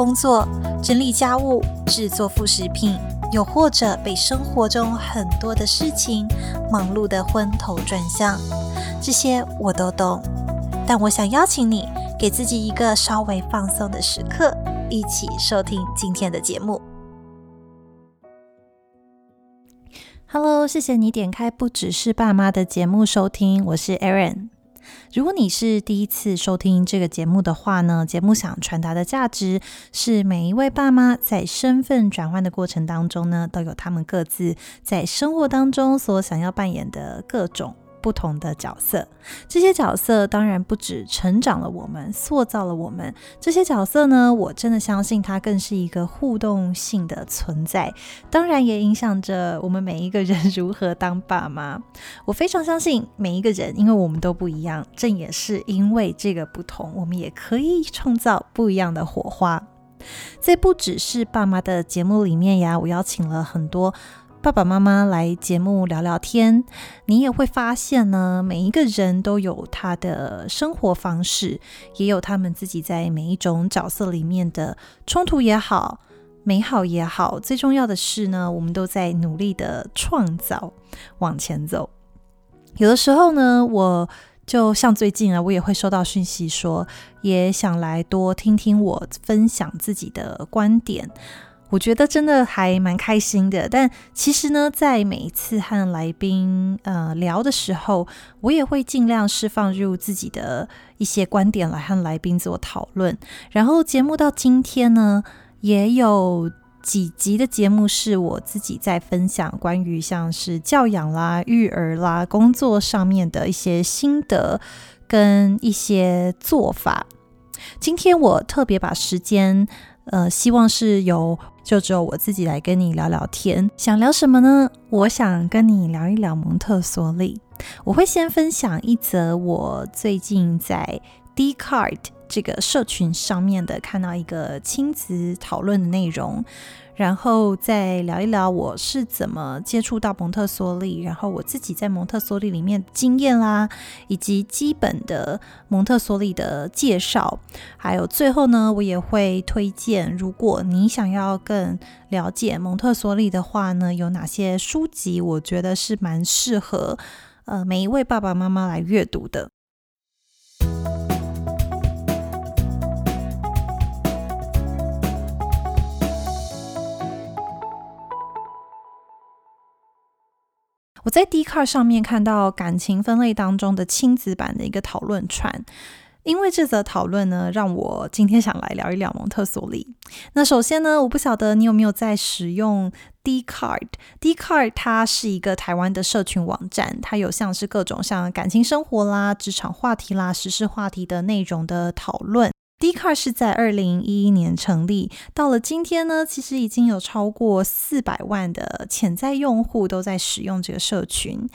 工作、整理家務、製作副食品，又或者被生活中很多的事情忙碌得昏頭轉向，這些我都懂。但我想邀請你，給自己一個稍微放鬆的時刻，一起收聽今天的節目。Hello，謝謝你點開不只是爸媽的節目收聽，我是 Erin。如果你是第一次收聽這個節目的話呢，節目想傳達的價值是每一位爸媽在身份轉換的過程當中呢，都有他們各自在生活當中所想要扮演的各種不同的角色，這些角色當然不止成長了我們，塑造了我們。這些角色呢，我真的相信它，更是一個互動性的存在，當然也影響着我們每一個人如何當爸媽。我非常相信每一個人，因為我們都不一樣，正也是因為這個不同，我們也可以創造不一樣的火花。在不只是爸媽的節目裡面呀，我邀請了很多。爸爸媽媽來節目聊聊天，你也會發現呢，每一個人都有他的生活方式，也有他們自己在每一種角色裡面的衝突也好，美好也好。最重要的是呢，我們都在努力的創造，往前走。有的時候呢，我就像最近啊，我也會收到訊息說，也想來多聽聽我分享自己的觀點。我覺得真的還蠻開心的，但其實呢，在每一次和來賓呃聊的時候，我也會盡量釋放入自己的一些觀點來和來賓做討論。然後節目到今天呢，也有幾集的節目是我自己在分享關於像是教養啦、育兒啦、工作上面的一些心得跟一些做法。今天我特別把時間，呃，希望是有。就只有我自己來跟你聊聊天，想聊什麼呢？我想跟你聊一聊蒙特梭利。我會先分享一則我最近在 Dcard 這個社群上面的看到一個親子討論的內容。然後再聊一聊我是怎麼接觸到蒙特梭利，然後我自己在蒙特梭利裡面經驗啦，以及基本的蒙特梭利的介紹，還有最後呢，我也會推薦，如果你想要更了解蒙特梭利的話呢，有哪些書籍，我覺得是蠻適合呃每一位爸爸媽媽來閱讀的。我在 Dcard 上面看到感情分類當中的親子版的一個討論串，因為這則討論呢，讓我今天想來聊一聊蒙特梭利。那首先呢，我不曉得你有沒有在使用 Dcard。Dcard 它是一個台灣的社群網站，它有像是各種像感情生活啦、職場話題啦、時事話題的內容的討論。Dcard 是在二零一一年成立，到了今天呢，其實已經有超過四百萬的潛在用戶都在使用這個社群。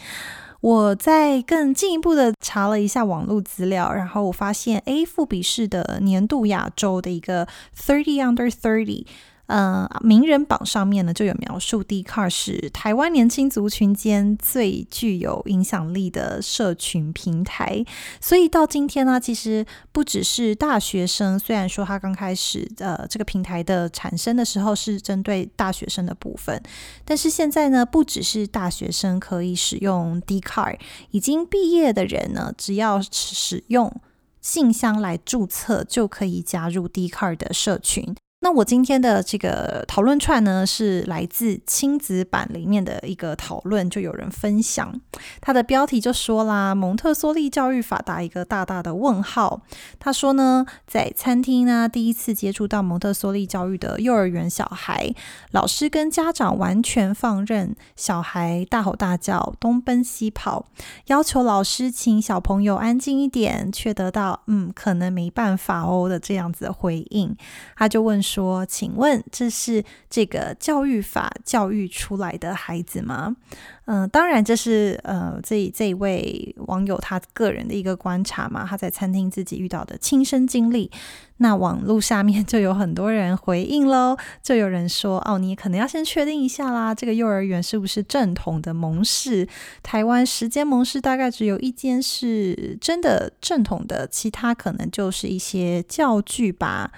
我再更進一步的查了一下網絡資料，然後我發現 A 富比士的年度亞洲的一個 Thirty Under Thirty。呃，名人榜上面呢，就有描述 Dcard 是台灣年輕族群間最具有影響力的社群平台。所以到今天呢，其實不只是大學生，雖然說他剛開始呃，這個平台的產生的時候是針對大學生的部分，但是現在呢，不只是大學生可以使用 Dcard。已經畢業的人呢，只要使用信箱來註冊，就可以加入 Dcard 的社群。那我今天的這個討論串呢，是來自親子版裡面的一個討論，就有人分享他的標題就說啦：“蒙特梭利教育法打一個大大的問號。”他說呢，在餐廳呢，第一次接觸到蒙特梭利教育的幼兒園小孩，老師跟家長完全放任，小孩大吼大叫，東奔西跑，要求老師請小朋友安靜一點，卻得到嗯，可能沒辦法哦的這樣子的回應。他就問說。說，請問這是這個教育法教育出來的孩子嗎？嗯、呃，當然這是呃，這這位網友他個人的一個觀察嘛，他在餐廳自己遇到的親身經歷。那網絡下面就有很多人回應嘍，就有人說：“哦，你可能要先確定一下啦，這個幼兒園是不是正統的蒙氏？台灣十間蒙氏大概只有一間是真的正統的，其他可能就是一些教具吧。”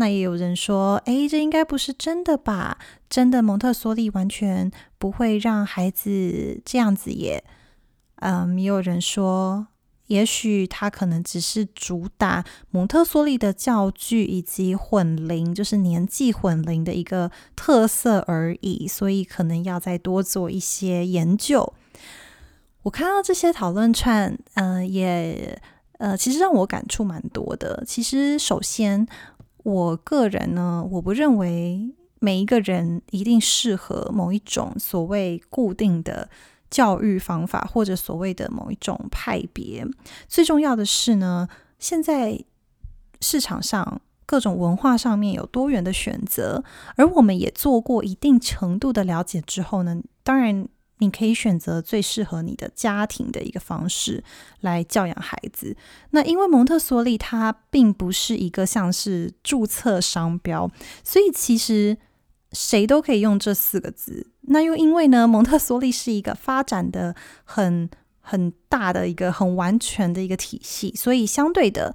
那也有人說，哎，這應該不是真的吧？真的蒙特梭利完全不會讓孩子這樣子耶。嗯，也有人說，也許他可能只是主打蒙特梭利的教具以及混齡，就是年紀混齡的一個特色而已，所以可能要再多做一些研究。我看到這些討論串，嗯、呃，也呃，其實讓我感觸蠻多的。其實，首先。我個人呢，我不認為每一個人一定適合某一種所謂固定的教育方法，或者所謂的某一種派別。最重要的是呢，現在市場上各種文化上面有多元的選擇，而我們也做過一定程度的了解之後呢，當然。你可以選擇最適合你的家庭的一個方式來教養孩子。那因為蒙特梭利它並不是一個像是註冊商標，所以其實誰都可以用這四個字。那又因為呢，蒙特梭利是一個發展的很很大的一個很完全的一個體系，所以相對的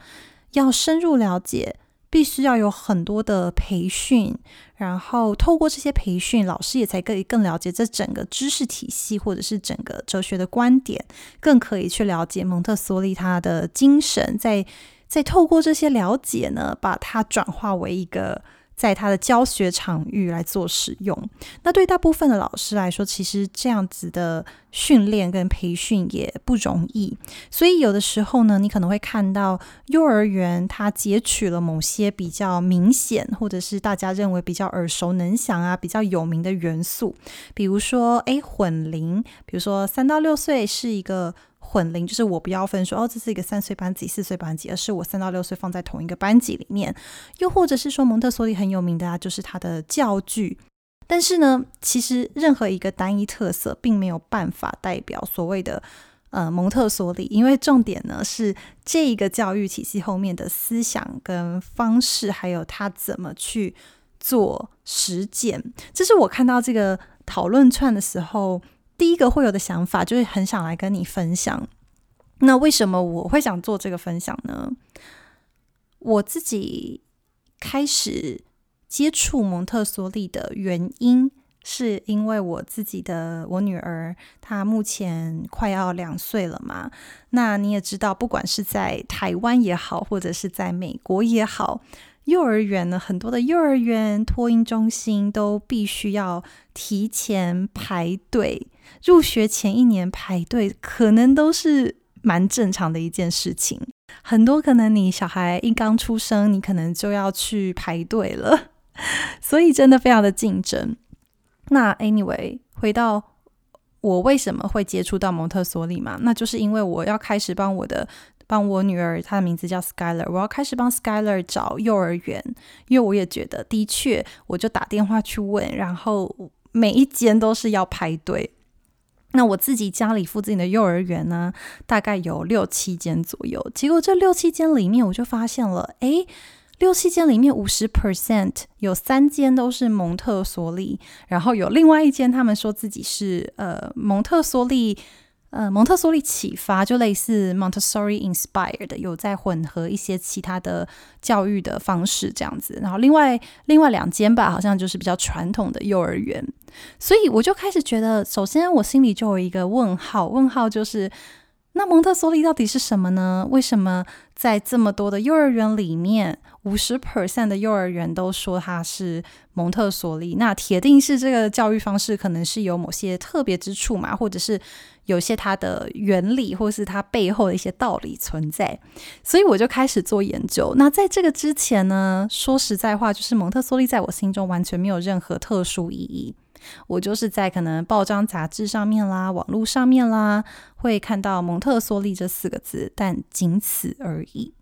要深入了解。必須要有很多的培訓，然後透過這些培訓，老師也才可以更了解這整個知識體系，或者是整個哲學的觀點，更可以去了解蒙特梭利他的精神。再再透過這些了解呢，把它轉化為一個。在他的教學場域來做使用，那對大部分的老師來說，其實這樣子的訓練跟培訓也不容易，所以有的時候呢，你可能會看到幼兒園他截取了某些比較明顯，或者是大家認為比較耳熟能詳啊，比較有名的元素，比如說，誒，混齡，比如說三到六歲是一個。混齡就是我不要分說哦，這是一個三歲班級、四歲班級，而是我三到六歲放在同一個班級裡面。又或者是說，蒙特梭利很有名的啊，就是他的教具。但是呢，其實任何一個單一特色，並沒有辦法代表所謂的呃蒙特梭利，因為重點呢是這個教育體系後面的思想跟方式，還有他怎麼去做實踐。這是我看到這個討論串的時候。第一個會有的想法就是很想來跟你分享。那為什麼我會想做這個分享呢？我自己開始接觸蒙特梭利的原因，是因為我自己的我女兒她目前快要兩歲了嘛。那你也知道，不管是在台灣也好，或者是在美國也好，幼兒園呢，很多的幼兒園、托嬰中心都必須要提前排隊。入學前一年排隊，可能都是蠻正常的一件事情。很多可能你小孩一剛出生，你可能就要去排隊了，所以真的非常的競爭。那 anyway，回到我為什麼會接觸到蒙特梭利嘛，那就是因為我要開始幫我的幫我女兒，她的名字叫 Skyler，我要開始幫 Skyler 找幼兒園，因為我也覺得的確，我就打電話去問，然後每一間都是要排隊。那我自己家裡附近的幼兒園呢，大概有六七間左右。結果這六七間裡面，我就發現了，哎，六七間裡面五十 percent 有三間都是蒙特梭利，然後有另外一間他們說自己是呃蒙特梭利。呃，蒙特梭利啟發就類似 Montessori inspired，有在混合一些其他的教育的方式這樣子。然後另外另外兩間吧，好像就是比較傳統的幼兒園。所以我就開始覺得，首先我心裡就有一個問號，問號就是那蒙特梭利到底是什麼呢？為什麼在這麼多的幼兒園裡面，五十 percent 的幼兒園都說它是蒙特梭利？那鐵定是這個教育方式可能是有某些特別之處嘛，或者是？有些它的原理，或是它背後的一些道理存在，所以我就開始做研究。那在這個之前呢，說實在話，就是蒙特梭利在我心中完全沒有任何特殊意義。我就是在可能報章雜誌上面啦，網絡上面啦，會看到蒙特梭利這四個字，但僅此而已。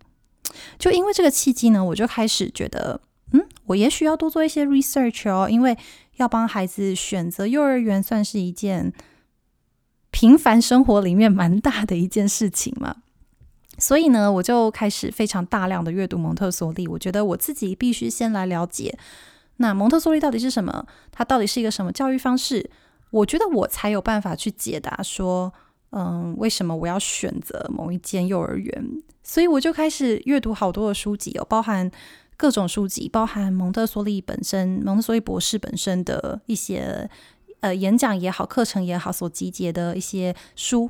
就因為這個契機呢，我就開始覺得，嗯，我也許要多做一些 research 哦，因為要幫孩子選擇幼兒園算是一件。平凡生活裡面蠻大的一件事情嘛，所以呢，我就開始非常大量的閱讀蒙特梭利。我覺得我自己必須先來了解，那蒙特梭利到底是什麼，它到底是一個什麼教育方式。我覺得我才有辦法去解答說，嗯，為什麼我要選擇某一間幼兒園？所以我就開始閱讀好多的書籍，哦，有包含各種書籍，包含蒙特梭利本身，蒙特梭利博士本身的一些。呃，演講也好，課程也好，所集結的一些書，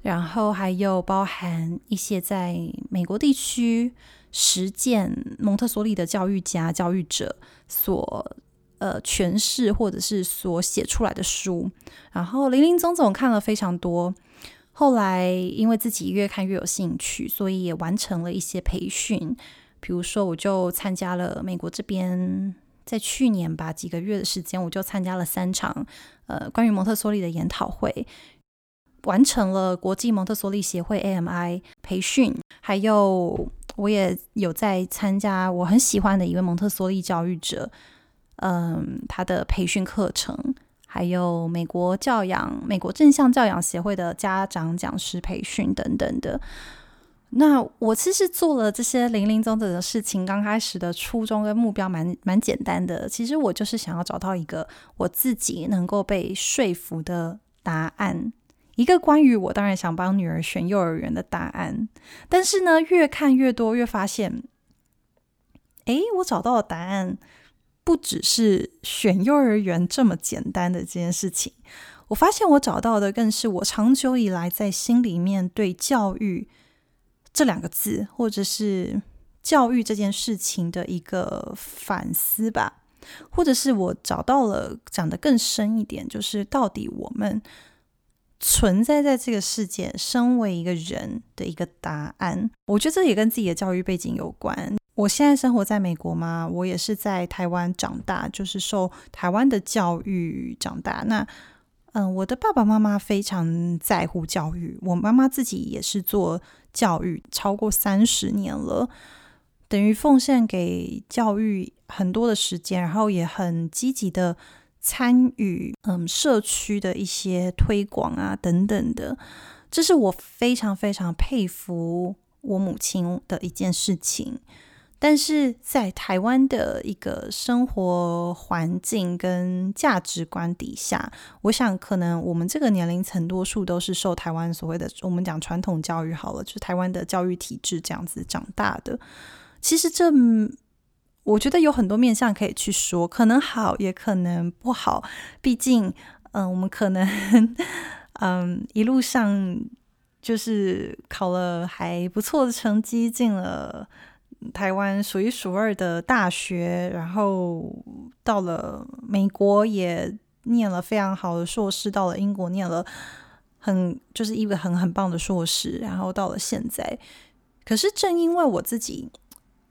然後還有包含一些在美國地區實踐蒙特梭利的教育家、教育者所呃詮釋或者是所寫出來的書，然後林林總總看了非常多。後來因為自己越看越有興趣，所以也完成了一些培訓，比如說我就參加了美國這邊。在去年吧，幾個月的時間，我就參加了三場呃，關於蒙特梭利的研討會，完成了國際蒙特梭利協會 AMI 培訓，還有我也有在參加我很喜歡的一位蒙特梭利教育者，嗯、呃，他的培訓課程，還有美國教養美國正向教養協會的家長講師培訓等等的。那我其實做了這些林林總總的事情，剛開始的初衷跟目標蠻蠻簡單的。其實我就是想要找到一個我自己能夠被說服的答案，一個關於我當然想幫女兒選幼兒園的答案。但是呢，越看越多，越發現，誒，我找到的答案不只是選幼兒園這麼簡單的這件事情。我發現我找到的更是我長久以來在心裡面對教育。這兩個字，或者是教育這件事情的一個反思吧，或者是我找到了講得更深一點，就是到底我們存在在這個世界，身為一個人的一個答案。我覺得這也跟自己的教育背景有關。我現在生活在美國嘛，我也是在台灣長大，就是受台灣的教育長大。那嗯，我的爸爸媽媽非常在乎教育。我媽媽自己也是做教育超過三十年了，等於奉獻給教育很多的時間，然後也很積極的參與嗯社區的一些推廣啊等等的。這是我非常非常佩服我母親的一件事情。但是在台灣的一個生活環境跟價值觀底下，我想可能我們這個年齡層多數都是受台灣所謂的我們講傳統教育好了，就是台灣的教育體制這樣子長大的。其實這我覺得有很多面向可以去說，可能好也可能不好。畢竟，嗯，我們可能嗯一路上就是考了還不錯的成績，進了。台灣數一數二的大學，然後到了美國也念了非常好的碩士，到了英國念了很，就是一個很很棒的碩士，然後到了現在。可是正因為我自己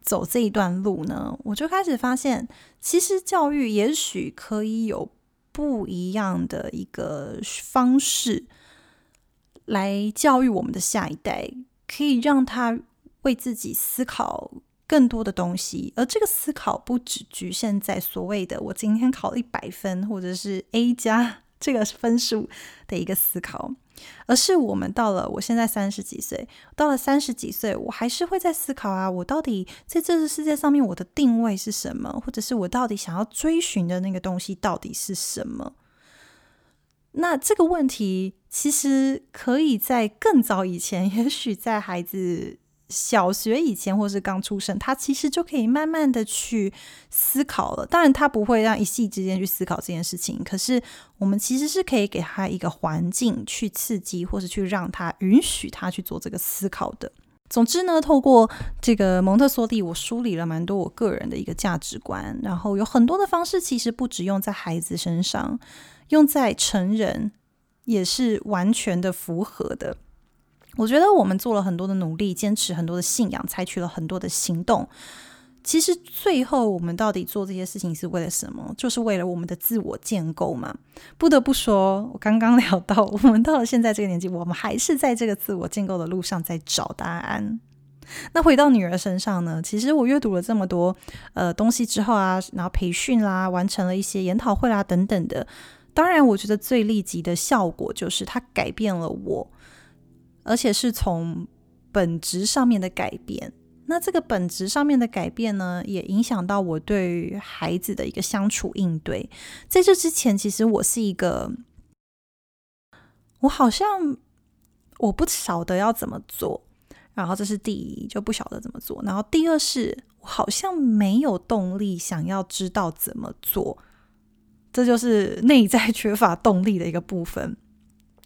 走這一段路呢，我就開始發現，其實教育也許可以有不一樣的一個方式來教育我們的下一代，可以讓他為自己思考。更多的東西，而這個思考不只局限在所謂的“我今天考了一百分”或者是 A 加這個分數的一個思考，而是我們到了我現在三十幾歲，到了三十幾歲，我還是會在思考啊，我到底在這個世界上面我的定位是什麼，或者是我到底想要追尋的那個東西到底是什麼？那這個問題其實可以在更早以前，也許在孩子。小學以前，或是剛出生，他其實就可以慢慢的去思考了。當然，他不會讓一夕之間去思考這件事情。可是，我們其實是可以給他一個環境去刺激，或是去讓他允許他去做這個思考的。總之呢，透過這個蒙特梭利，我梳理了蠻多我個人的一個價值觀，然後有很多的方式，其實不只用在孩子身上，用在成人也是完全的符合的。我覺得我們做了很多的努力，堅持很多的信仰，採取了很多的行動。其實最後我們到底做這些事情是為了什麼？就是為了我們的自我建構嘛。不得不說，我剛剛聊到，我們到了現在這個年紀，我們還是在這個自我建構的路上在找答案。那回到女兒身上呢？其實我閱讀了這麼多呃東西之後啊，然後培訓啦，完成了一些研討會啦等等的。當然，我覺得最立即的效果就是它改變了我。而且是從本質上面的改變。那這個本質上面的改變呢，也影響到我對於孩子的一個相處應對。在這之前，其實我是一個，我好像我不曉得要怎麼做。然後這是第一，就不曉得怎麼做。然後第二是，我好像沒有動力想要知道怎麼做。這就是內在缺乏動力的一個部分。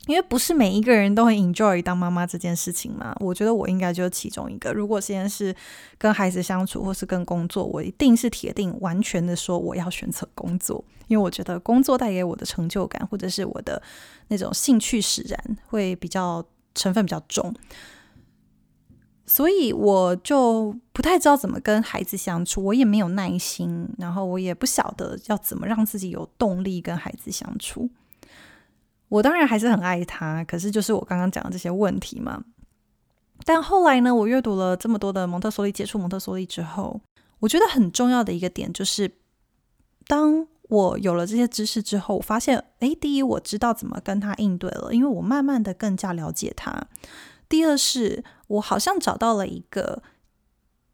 因為不是每一個人都很 enjoy 當媽媽這件事情嘛，我覺得我應該就是其中一個。如果現在是跟孩子相處，或是跟工作，我一定是鐵定完全的說我要選擇工作，因為我覺得工作帶給我的成就感，或者是我的那種興趣使然，會比較成分比較重。所以我就不太知道怎麼跟孩子相處，我也沒有耐心，然後我也不曉得要怎麼讓自己有動力跟孩子相處。我當然還是很愛他，可是就是我剛剛講的這些問題嘛。但後來呢，我閱讀了這麼多的蒙特梭利，接觸蒙特梭利之後，我覺得很重要的一個點就是，當我有了這些知識之後，我發現，哎，第一，我知道怎麼跟他應對了，因為我慢慢的更加了解他；第二是，是我好像找到了一個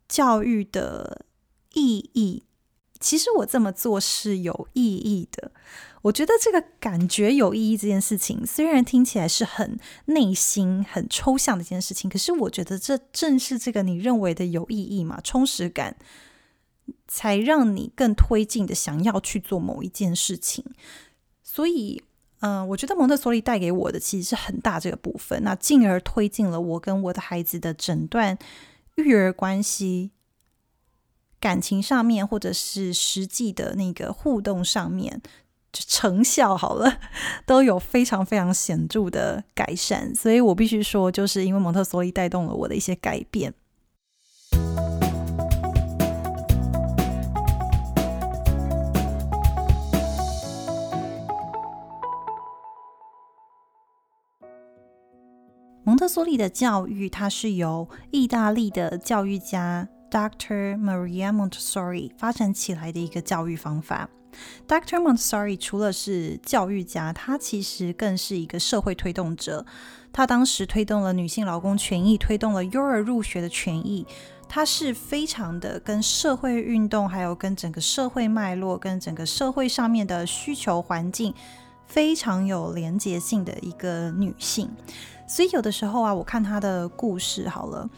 教育的意義，其實我這麼做是有意義的。我覺得這個感覺有意義這件事情，雖然聽起來是很內心、很抽象的一件事情，可是我覺得這正是這個你認為的有意義嘛，充實感，才讓你更推進的想要去做某一件事情。所以，嗯、呃，我覺得蒙特梭利帶給我的其實是很大這個部分，那進而推進了我跟我的孩子的整段育兒關係、感情上面，或者是實際的那個互動上面，就成效好了，都有非常非常顯著的改善，所以我必須說，就是因為蒙特梭利帶動了我的一些改變。蒙特梭利的教育，它是由意大利的教育家 Dr. Maria Montessori 發展起來的一個教育方法。Dr. Montessori 除了是教育家，她其實更是一個社會推動者。她當時推動了女性勞工權益，推動了幼兒入學的權益。她是非常的跟社會運動，還有跟整個社會脈絡，跟整個社會上面的需求環境非常有連接性的一個女性。所以有的時候啊，我看她的故事好了，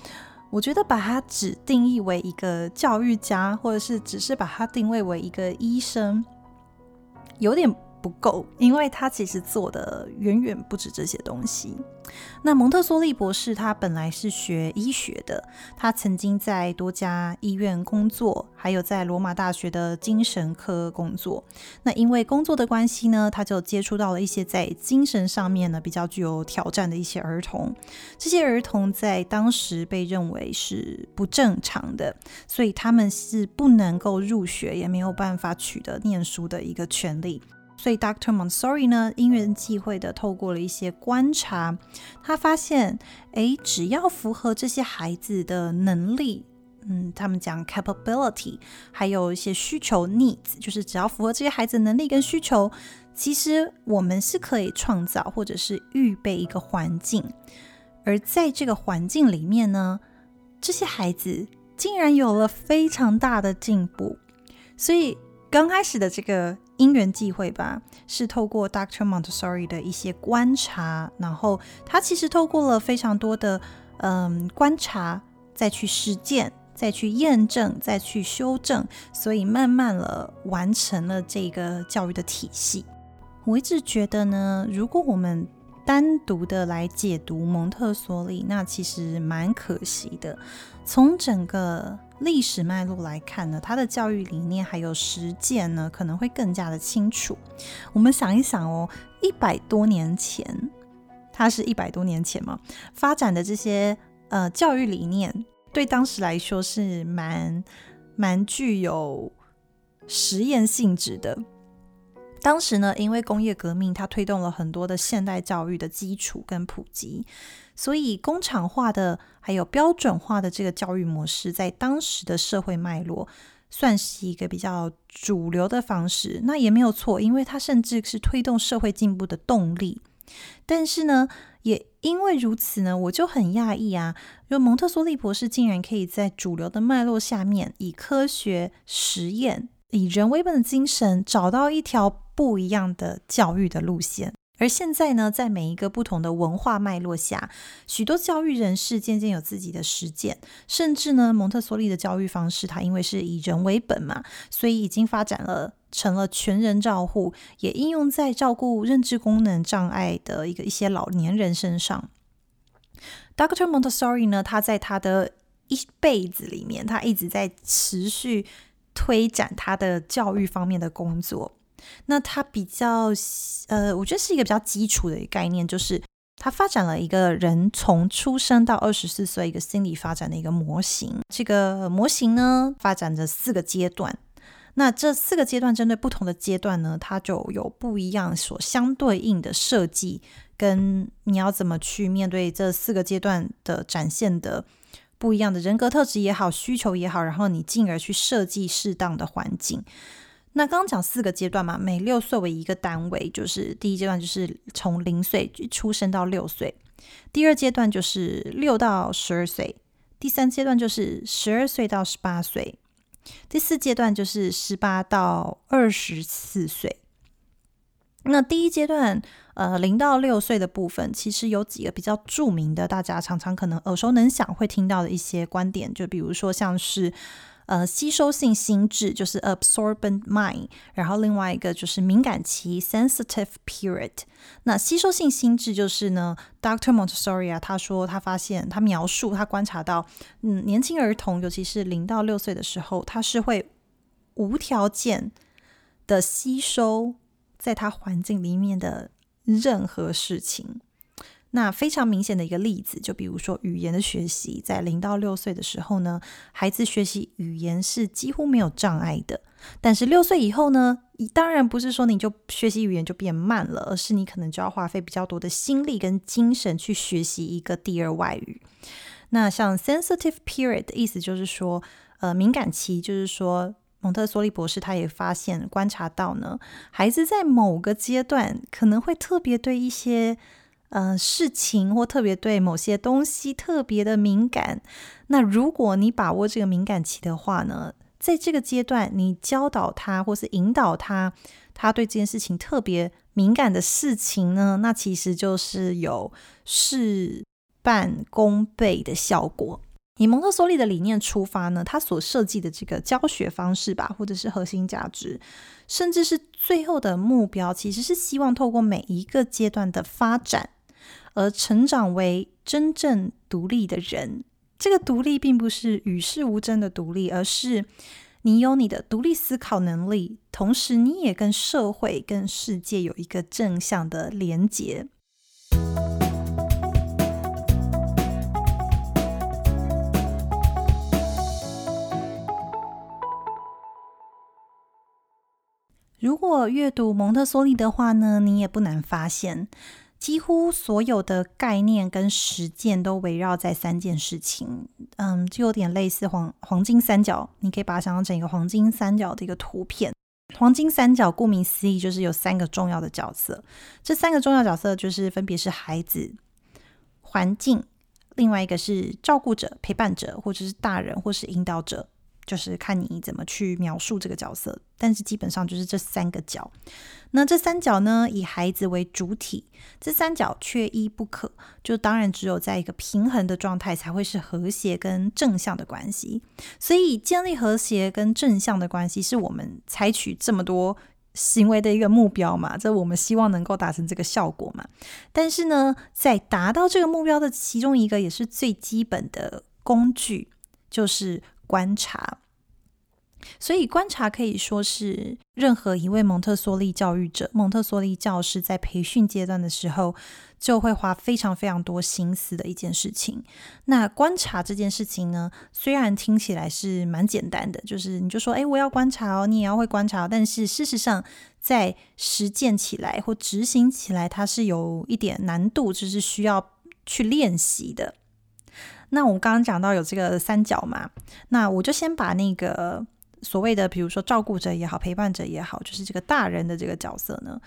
我覺得把他只定義為一個教育家，或者是只是把他定位為一個醫生，有點。不夠，因為他其實做的遠遠不止這些東西。那蒙特梭利博士他本來是學醫學的，他曾經在多家醫院工作，還有在羅馬大學的精神科工作。那因為工作的關係呢，他就接觸到了一些在精神上面呢比較具有挑戰的一些兒童。這些兒童在當時被認為是不正常的，所以他們是不能夠入學，也沒有辦法取得念書的一個權利。所以，Dr. Montessori 呢，因緣際會的，透過了一些觀察，他發現，誒、欸，只要符合這些孩子的能力，嗯，他們講 capability，還有一些需求 needs，就是只要符合這些孩子的能力跟需求，其實我們是可以創造或者是預備一個環境，而在這個環境裡面呢，這些孩子竟然有了非常大的進步。所以，剛開始的這個。因緣際會吧，是透過 Doctor Montessori 的一些觀察，然後他其實透過了非常多的嗯觀察，再去實踐，再去驗證，再去修正，所以慢慢地完成了這個教育的體系。我一直覺得呢，如果我們單獨的來解讀蒙特梭利，那其實蠻可惜的。從整個歷史脈絡來看呢，他的教育理念還有實踐呢，可能會更加的清楚。我們想一想哦，一百多年前，它是一百多年前嘛，發展的這些呃教育理念，對當時來說是蠻蠻具有實驗性質的。當時呢，因為工業革命，它推動了很多的現代教育的基礎跟普及。所以工廠化的還有標準化的這個教育模式，在當時的社會脈絡算是一個比較主流的方式，那也沒有錯，因為它甚至是推動社會進步的動力。但是呢，也因為如此呢，我就很訝異啊，就蒙特梭利博士竟然可以在主流的脈絡下面，以科學實驗、以人為本的精神，找到一條不一樣的教育的路線。而現在呢，在每一個不同的文化脈絡下，許多教育人士漸漸有自己的實踐，甚至呢，蒙特梭利的教育方式，它因為是以人為本嘛，所以已經發展了成了全人照護，也應用在照顧認知功能障礙的一個一些老年人身上。Dr. Montessori 呢，他在他的一輩子裡面，他一直在持續推展他的教育方面的工作。那他比較，呃，我覺得是一個比較基礎的概念，就是他發展了一個人從出生到二十四歲一個心理發展的一個模型。這個模型呢，發展着四個階段。那這四個階段針對不同的階段呢，它就有不一樣所相對應的設計，跟你要怎麼去面對這四個階段的展現的不一樣的人格特質也好，需求也好，然後你進而去設計適當的環境。那剛剛講四個階段嘛，每六歲為一個單位，就是第一階段就是從零歲出生到六歲，第二階段就是六到十二歲，第三階段就是十二歲到十八歲，第四階段就是十八到二十四歲。那第一階段，呃，零到六歲的部分，其實有幾個比較著名的，大家常常可能耳熟能詳會聽到的一些觀點，就比如說像是。呃，吸收性心智就是 absorbent mind，然後另外一個就是敏感期 sensitive period。那吸收性心智就是呢，Dr. Montessori 啊，他說他發現他描述他觀察到，嗯，年輕兒童，尤其是零到六歲的時候，他是會無條件的吸收在他環境裡面的任何事情。那非常明顯的一個例子，就比如說語言的學習，在零到六歲的時候呢，孩子學習語言是幾乎沒有障礙的。但是六歲以後呢，當然不是說你就學習語言就變慢了，而是你可能就要花費比較多的心力跟精神去學習一個第二外語。那像 sensitive period 的意思就是說，呃，敏感期，就是說蒙特梭利博士他也發現觀察到呢，孩子在某個階段可能會特別對一些。呃，事情或特別對某些東西特別的敏感。那如果你把握這個敏感期的話呢，在這個階段，你教導他或是引導他，他對這件事情特別敏感的事情呢，那其實就是有事半功倍的效果。以蒙特梭利的理念出發呢，他所設計的這個教學方式吧，或者是核心價值，甚至是最後的目標，其實是希望透過每一個階段的發展，而成長為真正獨立的人，這個獨立並不是與世無爭的獨立，而是你有你的獨立思考能力，同時你也跟社會、跟世界有一個正向的連結。如果閱讀蒙特梭利的話呢，你也不難發現。幾乎所有的概念跟實踐都圍繞在三件事情，嗯，就有點類似黃黃金三角。你可以把它想象成一個黃金三角的一個圖片。黃金三角顧名思義就是有三個重要的角色，這三個重要角色就是分別是孩子、環境，另外一個是照顧者、陪伴者，或者是大人，或者是引導者。就是看你怎麼去描述這個角色，但是基本上就是這三個角。那這三角呢，以孩子為主體，這三角缺一不可。就當然只有在一個平衡的狀態，才會是和諧跟正向的關係。所以建立和諧跟正向的關係，是我們採取這麼多行為的一個目標嘛，這我們希望能夠達成這個效果嘛。但是呢，在達到這個目標的其中一個，也是最基本的工具，就是。觀察，所以觀察可以說是任何一位蒙特梭利教育者、蒙特梭利教師在培訓階段的時候，就會花非常非常多心思的一件事情。那觀察這件事情呢，雖然聽起來是蠻簡單的，就是你就說，哎，我要觀察哦，你也要會觀察哦，但是事實上，在實踐起來或執行起來，它是有一點難度，就是需要去練習的。那我們剛剛講到有這個三角嘛，那我就先把那個所謂的，比如說照顧者也好，陪伴者也好，就是這個大人的這個角色呢，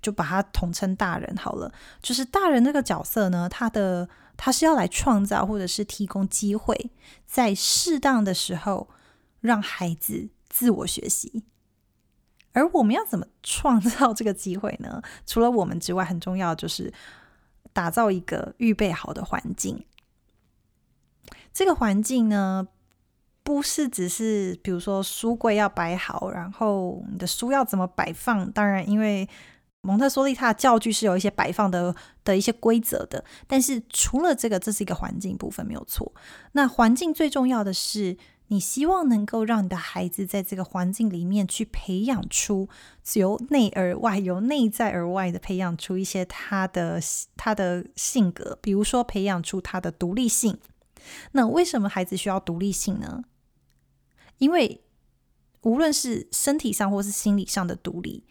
就把它統稱大人好了。就是大人這個角色呢，他的他是要來創造或者是提供機會，在適當的時候讓孩子自我學習。而我們要怎麼創造這個機會呢？除了我們之外，很重要就是打造一個預備好的環境。這個環境呢，不是只是比如說書櫃要擺好，然後你的書要怎麼擺放。當然，因為蒙特梭利他的教具是有一些擺放的的一些規則的。但是除了這個，這是一個環境部分沒有錯。那環境最重要的是，你希望能夠讓你的孩子在這個環境裡面去培養出由內而外、由內在而外的培養出一些他的他的性格，比如說培養出他的獨立性。那為什麼孩子需要獨立性呢？因為無論是身體上或是心理上的獨立，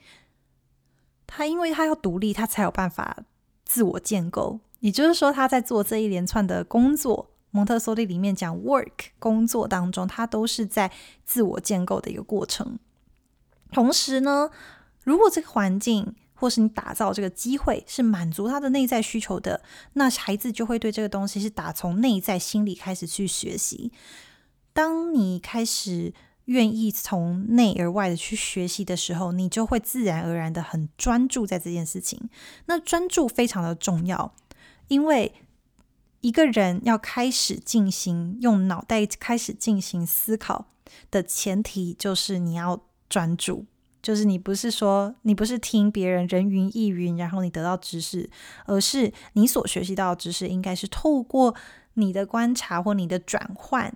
他因為他要獨立，他才有辦法自我建構。也就是說，他在做這一連串的工作，蒙特梭利裡面講 work 工作當中，他都是在自我建構的一個過程。同時呢，如果這個環境，或是你打造這個機會是滿足他的內在需求的，那孩子就會對這個東西是打從內在心裡開始去學習。當你開始願意從內而外的去學習的時候，你就會自然而然的很專注在這件事情。那專注非常的重要，因為一個人要開始進行用腦袋開始進行思考的前提，就是你要專注。就是你不是說你不是聽別人人云亦云，然後你得到知識，而是你所學習到的知識應該是透過你的觀察或你的轉換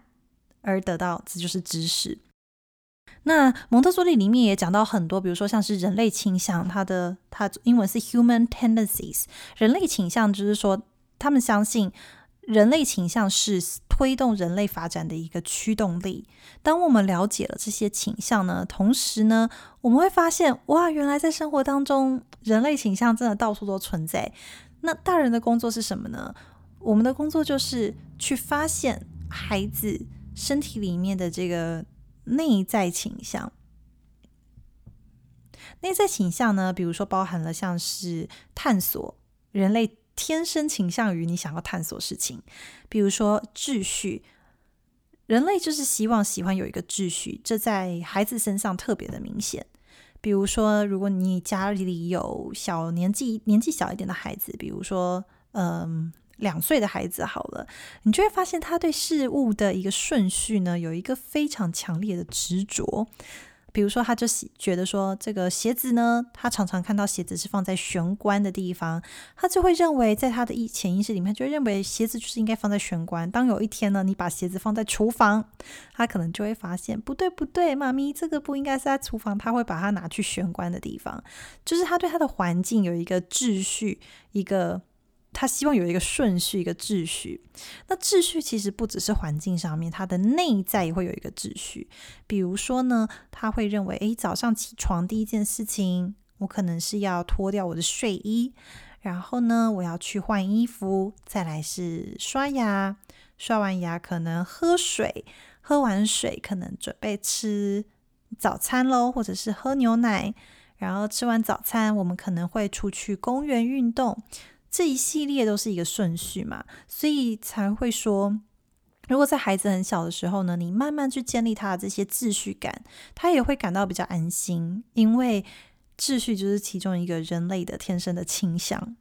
而得到，這就是知識。那蒙特梭利裡面也講到很多，比如說像是人類傾向，它的它的英文是 human tendencies，人類傾向就是說他們相信人類傾向是。推動人類發展的一個驅動力。當我們了解了這些傾向呢，同時呢，我們會發現，哇，原來在生活當中，人類傾向真的到處都存在。那大人的工作是什麼呢？我們的工作就是去發現孩子身體裡面的這個內在傾向。內在傾向呢，比如說包含了像是探索，人類，天生傾向於你想要探索事情，比如說秩序。人類就是希望喜歡有一個秩序，這在孩子身上特別的明顯。比如說，如果你家裡有小年紀年紀小一點的孩子，比如說嗯，兩歲的孩子，好了，你就會發現他對事物的一個順序呢，有一個非常強烈的執着。比如說，他就覺得說，這個鞋子呢，他常常看到鞋子是放在玄關的地方，他就會認為在他的意潛意識裡面，他就會認為鞋子就是應該放在玄關。當有一天呢，你把鞋子放在廚房，他可能就會發現，不對，不對，媽咪，這個不應該是在廚房，他會把它拿去玄關的地方，就是他對他的環境有一個秩序，一個。他希望有一個順序，一個秩序。那秩序其實不只是環境上面，他的內在也會有一個秩序。比如說呢，他會認為，誒，早上起床第一件事情，我可能是要脫掉我的睡衣，然後呢，我要去換衣服，再來是刷牙，刷完牙可能喝水，喝完水可能準備吃早餐嘍，或者是喝牛奶。然後吃完早餐，我們可能會出去公園運動。這一系列都是一個順序嘛，所以才會說，如果在孩子很小的時候呢，你慢慢去建立他的這些秩序感，他也會感到比較安心，因為秩序就是其中一個人類的天生的傾向。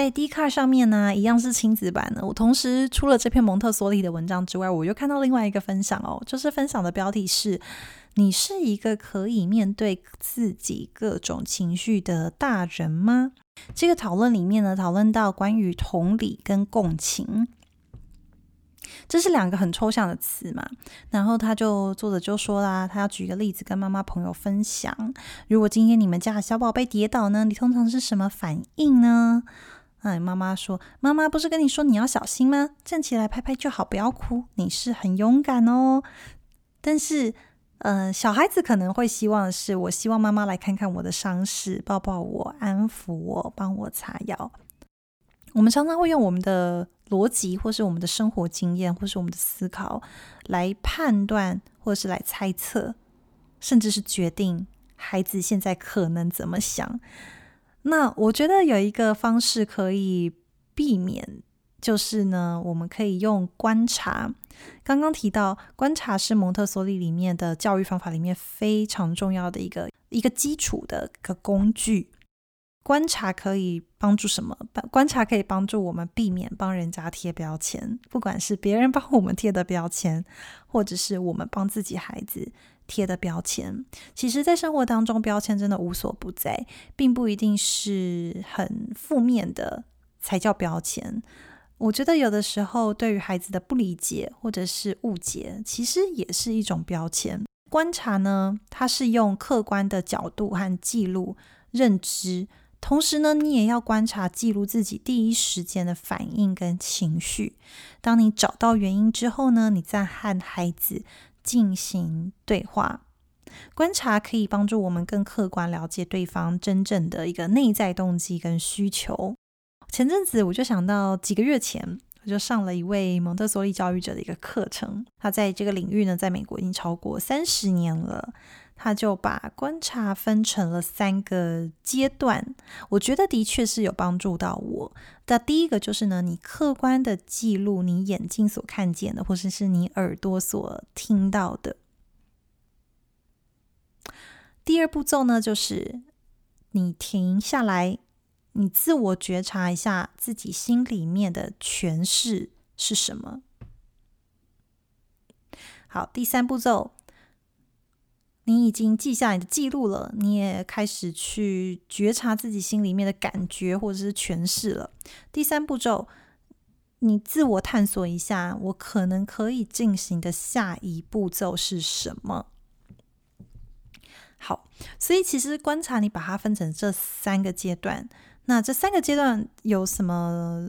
在 Dcard 上面呢，一樣是親子版的。我同時除了這篇蒙特梭利的文章之外，我又看到另外一個分享哦，就是分享的標題是“你是一個可以面對自己各種情緒的大人嗎？”這個討論裡面呢，討論到關於同理跟共情，這是兩個很抽象的詞嘛。然後他就作者就說啦，他要舉一個例子跟媽媽朋友分享：如果今天你們家的小寶貝跌倒呢，你通常是什麼反應呢？嗯，媽媽說：“媽媽不是跟你說你要小心嗎？站起來拍拍就好，不要哭。你是很勇敢哦。”但是，呃，小孩子可能會希望的是，我希望媽媽來看看我的傷勢，抱抱我，安撫我，幫我擦藥。我們常常會用我們的邏輯，或是我們的生活經驗，或是我們的思考，來判斷，或是來猜測，甚至是決定孩子現在可能怎麼想。那我覺得有一個方式可以避免，就是呢，我們可以用觀察。剛剛提到，觀察是蒙特梭利裡面的教育方法裡面非常重要的一個一個基礎的一個工具。觀察可以幫助什麼？觀察可以幫助我們避免幫人家貼標籤，不管是別人幫我們貼的標籤，或者是我們幫自己孩子貼的標籤，其實，在生活當中，標籤真的無所不在，並不一定是很負面的才叫標籤。我覺得有的時候，對於孩子的不理解或者是誤解，其實也是一種標籤。觀察呢，它是用客觀的角度和記錄認知，同時呢，你也要觀察記錄自己第一時間的反應跟情緒。當你找到原因之後呢，你再和孩子，進行對話，觀察可以幫助我們更客觀了解對方真正的一個內在動機跟需求。前陣子我就想到，幾個月前我就上了一位蒙特梭利教育者的一個課程，他在這個領域呢，在美國已經超過三十年了。他就把觀察分成了三個階段，我覺得的確是有幫助到我。那第一個就是呢，你客觀的記錄你眼睛所看見的，或者是，是你耳朵所聽到的。第二步驟呢，就是你停下來，你自我覺察一下自己心裡面的詮釋是什麼。好，第三步驟。你已經記下你的記錄了，你也開始去覺察自己心裡面的感覺或者是詮釋了。第三步驟，你自我探索一下，我可能可以進行的下一步驟是什麼？好，所以其實觀察你把它分成這三個階段，那這三個階段有什麼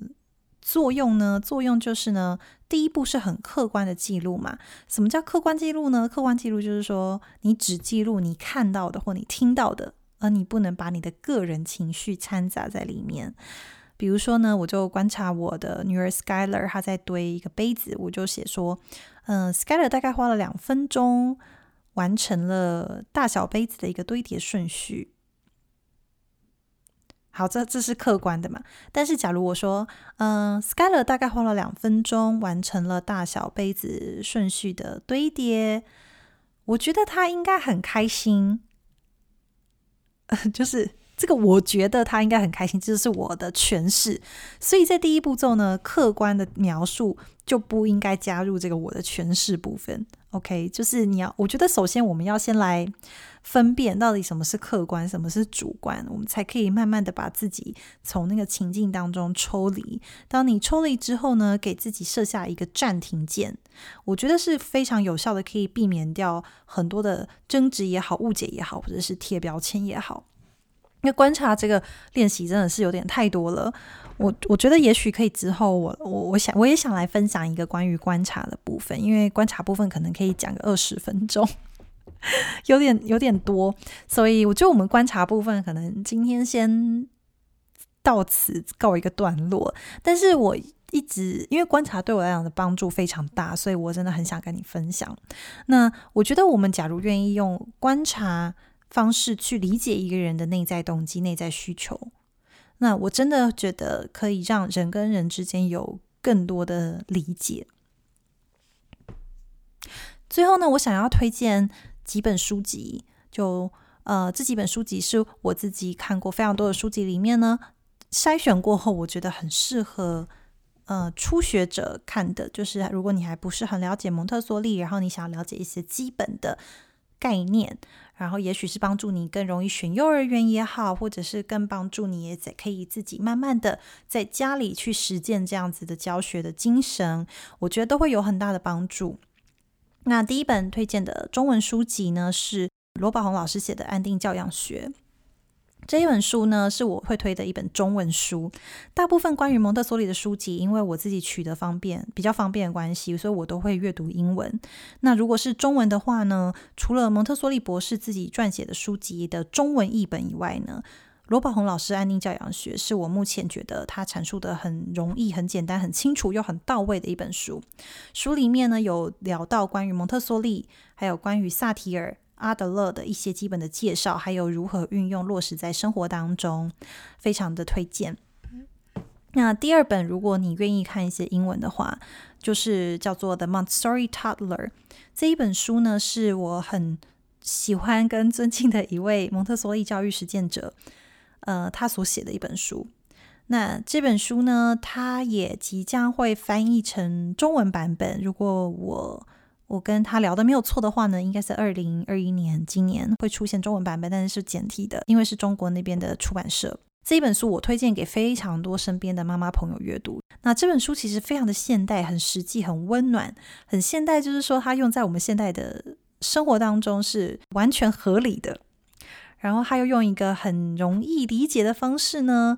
作用呢？作用就是呢，第一步是很客觀的記錄嘛？什麼叫客觀記錄呢？客觀記錄就是說，你只記錄你看到的或你聽到的，而你不能把你的個人情緒摻雜在裡面。比如說呢，我就觀察我的女兒 Skyler，她在堆一個杯子，我就寫說：“嗯，Skyler 大概花了兩分鐘，完成了大小杯子的一個堆疊順序。”好，這這是客觀的嘛？但是，假如我說，嗯，Skyler 大概花了兩分鐘完成了大小杯子順序的堆疊，我覺得他應該很開心。就是這個，我覺得他應該很開心，這就是我的詮釋。所以在第一步驟呢，客觀的描述就不應該加入這個我的詮釋部分。OK，就是你要，我覺得首先我們要先來分辨到底什麼是客觀，什麼是主觀，我們才可以慢慢的把自己從那個情境當中抽離。當你抽離之後呢，給自己設下一個暫停鍵，我覺得是非常有效的，可以避免掉很多的爭執也好、誤解也好，或者是貼標籤也好。因為觀察這個練習真的是有點太多了。我我覺得也許可以之後我，我我我想我也想來分享一個關於觀察的部分，因為觀察部分可能可以講個二十分鐘，有點有點多，所以我覺得我們觀察部分可能今天先到此告一個段落。但是我一直因為觀察對我來講的幫助非常大，所以我真的很想跟你分享。那我覺得我們假如願意用觀察方式去理解一個人的內在動機、內在需求，那我真的覺得可以讓人跟人之間有更多的理解。最後呢，我想要推薦幾本書籍，就呃這幾本書籍是我自己看過非常多的書籍裡面呢篩選過後，我覺得很適合呃初學者看的，就是如果你還不是很了解蒙特梭利，然後你想要了解一些基本的概念。然後，也許是幫助你更容易選幼兒園也好，或者是更幫助你也在可以自己慢慢的在家裡去實踐這樣子的教學的精神，我覺得都會有很大的幫助。那第一本推薦的中文書籍呢，是羅寶鴻老師寫的《安定教養學》。這一本書呢，是我會推的一本中文書。大部分關於蒙特梭利的書籍，因為我自己取得方便、比較方便的關係，所以我都會閱讀英文。那如果是中文的話呢，除了蒙特梭利博士自己撰寫的書籍的中文譯本以外呢，羅寶鴻老師《安寧教養學》是我目前覺得他闡述得很容易、很簡單、很清楚又很到位的一本書。書裡面呢，有聊到關於蒙特梭利，還有關於薩提爾。阿德勒的一些基本的介紹，還有如何運用落實在生活當中，非常的推薦。那第二本，如果你願意看一些英文的話，就是叫做《The Montessori Toddler》這一本書呢，是我很喜歡跟尊敬的一位蒙特梭利教育實踐者，呃，他所寫的一本書。那這本書呢，他也即將會翻譯成中文版本。如果我我跟他聊的沒有錯的話呢，應該是二零二一年，今年會出現中文版本，但是是簡體的，因為是中國那邊的出版社。這一本書我推薦給非常多身邊的媽媽朋友閱讀。那這本書其實非常的現代，很實際，很溫暖，很現代，就是說它用在我們現代的生活當中是完全合理的。然後他又用一個很容易理解的方式呢，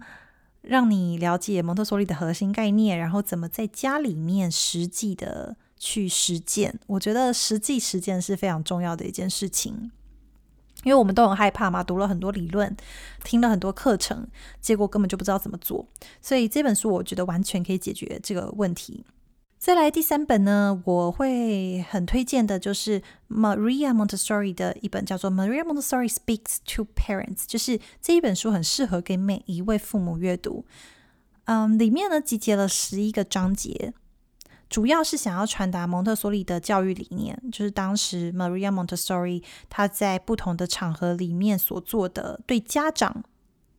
讓你了解蒙特梭利的核心概念，然後怎麼在家裡面實際的。去實踐，我覺得實際實踐是非常重要的一件事情，因為我們都很害怕嘛，讀了很多理論，聽了很多課程，結果根本就不知道怎麼做。所以這本書我覺得完全可以解決這個問題。再來第三本呢，我會很推薦的就是 Maria Montessori 的一本叫做《Maria Montessori Speaks to Parents》，就是這一本書很適合給每一位父母閱讀。嗯，裡面呢集結了十一個章節。主要是想要傳達蒙特梭利的教育理念，就是當時 Maria Montessori 她，在不同的場合裡面所做的，對家長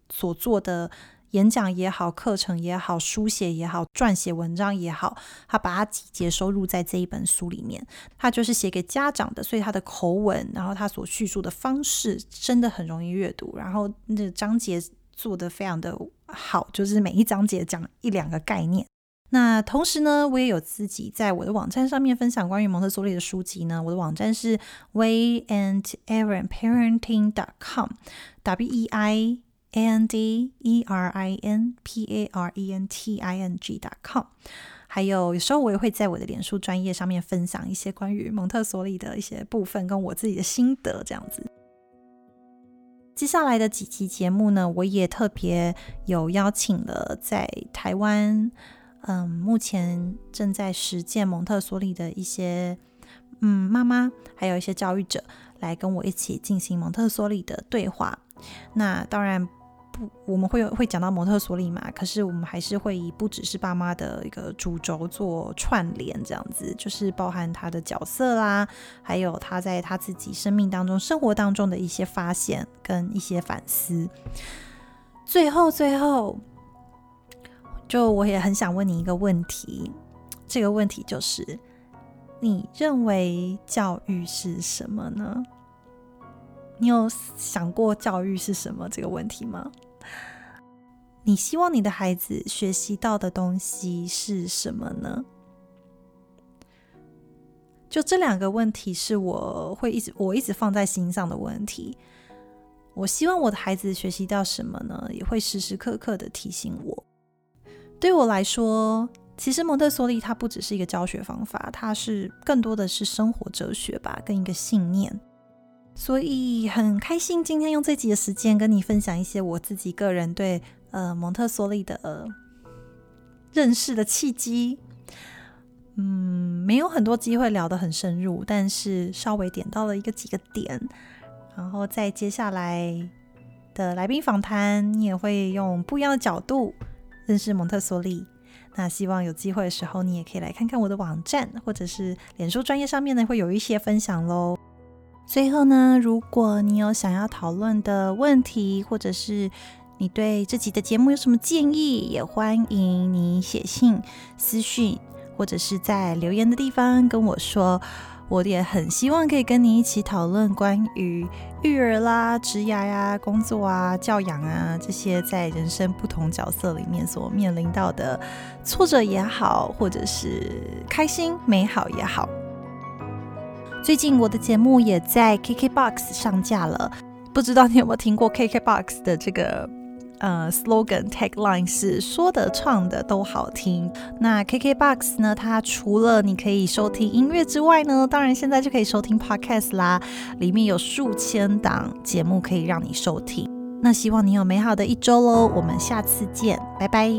所做的演講也好、課程也好、書寫也好、撰寫文章也好，他把它集結收入在這一本書裡面。他就是寫給家長的，所以他的口吻，然後他所敘述的方式真的很容易閱讀。然後那章節做得非常的好，就是每一章節講一兩個概念，那同時呢，我也有自己在我的網站上面分享關於蒙特梭利的書籍呢。我的網站是 Wei and Erin Parenting dot com w e i a n d e r i n p a r e n t i n g dot com。還有有時候我也會在我的臉書專頁上面分享一些關於蒙特梭利的一些部分，跟我自己的心得這樣子。接下來的幾期節目呢，我也特別有邀請了在台灣。嗯，目前正在實踐蒙特梭利的一些嗯媽媽，還有一些教育者來跟我一起進行蒙特梭利的對話。那當然不，我們會有會講到蒙特梭利嘛。可是我們還是會以不只是爸媽的一個主軸做串聯，這樣子就是包含他的角色啦，還有他在他自己生命當中、生活當中的一些發現跟一些反思。最後，最後，就我也很想問你一個問題，這個問題就是：你認為教育是什麼呢？你有想過教育是什麼這個問題嗎？你希望你的孩子學習到的東西是什麼呢？就這兩個問題是我會一直我一直放在心上的問題。我希望我的孩子學習到什麼呢？也會時時刻刻的提醒我。對我來說，其實蒙特梭利它不只是一個教學方法，它是更多的是生活哲學吧，跟一個信念。所以很開心今天用這集的時間跟你分享一些我自己個人對呃蒙特梭利的、呃、認識的契機。嗯，沒有很多機會聊得很深入，但是稍微點到了一個幾個點。然後在接下來的來賓訪談，你也會用不一樣的角度，認識蒙特梭利，那希望有機會的時候，你也可以來看看我的網站，或者是臉書專頁上面呢，會有一些分享咯。最後呢，如果你有想要討論的問題，或者是你對這集的節目有什麼建議，也歡迎你寫信、私訊，或者是在留言的地方跟我說。我也很希望可以跟你一起討論關於育兒啦、職涯呀、工作啊、教養啊這些，在人生不同角色裡面所面臨到的挫折也好，或者是開心美好也好。最近我的節目也在 KKBOX 上架了，不知道你有沒有聽過 KKBOX 的這個。呃，嗯，slogan tagline 是說的唱的都好聽。那 KKBOX 呢？它除了你可以收聽音樂之外呢，當然現在就可以收聽 podcast 啦，裡面有數千檔節目可以讓你收聽。那希望你有美好的一周嘍，我們下次見，拜拜。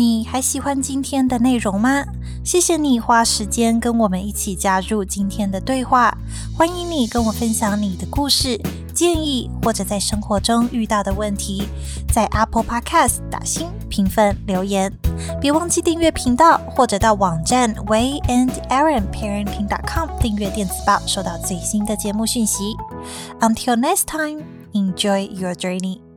你還喜歡今天的內容嗎？謝謝你花時間跟我們一起加入今天的對話。歡迎你跟我分享你的故事、建議或者在生活中遇到的問題，在 Apple Podcast 打星、評分、留言。別忘記訂閱頻道，或者到網站 WeiandErinParenting.com 訂閱電子報，收到最新的節目訊息。Until next time, enjoy your journey.